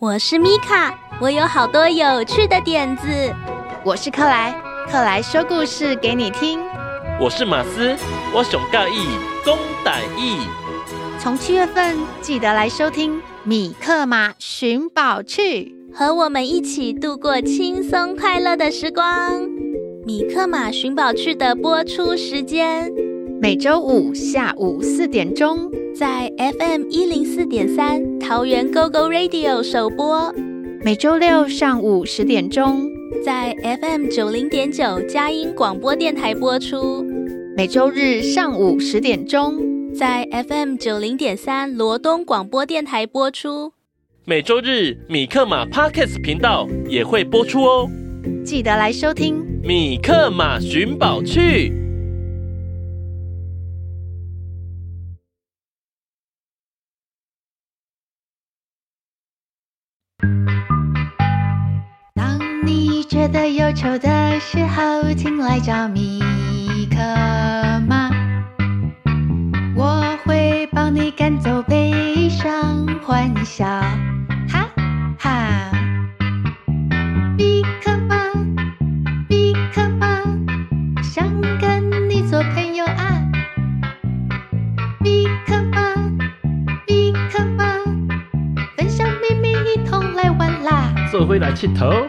我是米卡，我有好多有趣的點子。我是克萊，克萊說故事給你聽。我是馬斯，我上告一公大一。義從七月份記得來收聽《米克馬尋寶趣》，和我們一起度過輕鬆快樂的時光。《米克馬尋寶趣》的播出時間，每周五下午四點鐘，在 FM 一零四點三桃園 GO GO Radio 首播；每周六上午十點鐘，在 FM 九零點九佳音廣播電台播出；每周日上午十點鐘，在 FM 九零點三羅東廣播電台播出；每周日米克馬 Podcast 頻道也會播出哦，記得來收聽《米克馬尋寶趣》。覺得憂愁的時候，請來找米克馬，我會幫你趕走悲傷，歡笑，哈哈。米克馬，米克馬，想跟你做朋友啊。米克馬，米克馬，分享秘密，一同來玩啦。做伙來鐵佗。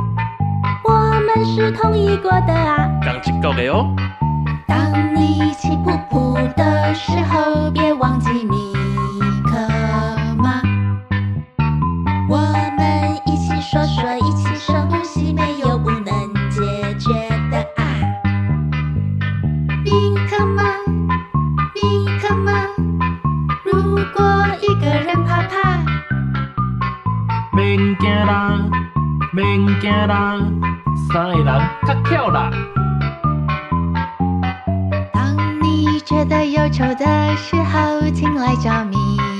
是同意過的啊。剛出國的哦。當你一起噗噗的時候，別忘記米克馬。我們一起說說，一起深呼吸，沒有不能解決的啊。米克馬，米克馬，如果一個人怕怕，免驚啦，免驚啦。三個人太巧了。當你覺得憂愁的時候，請來找我。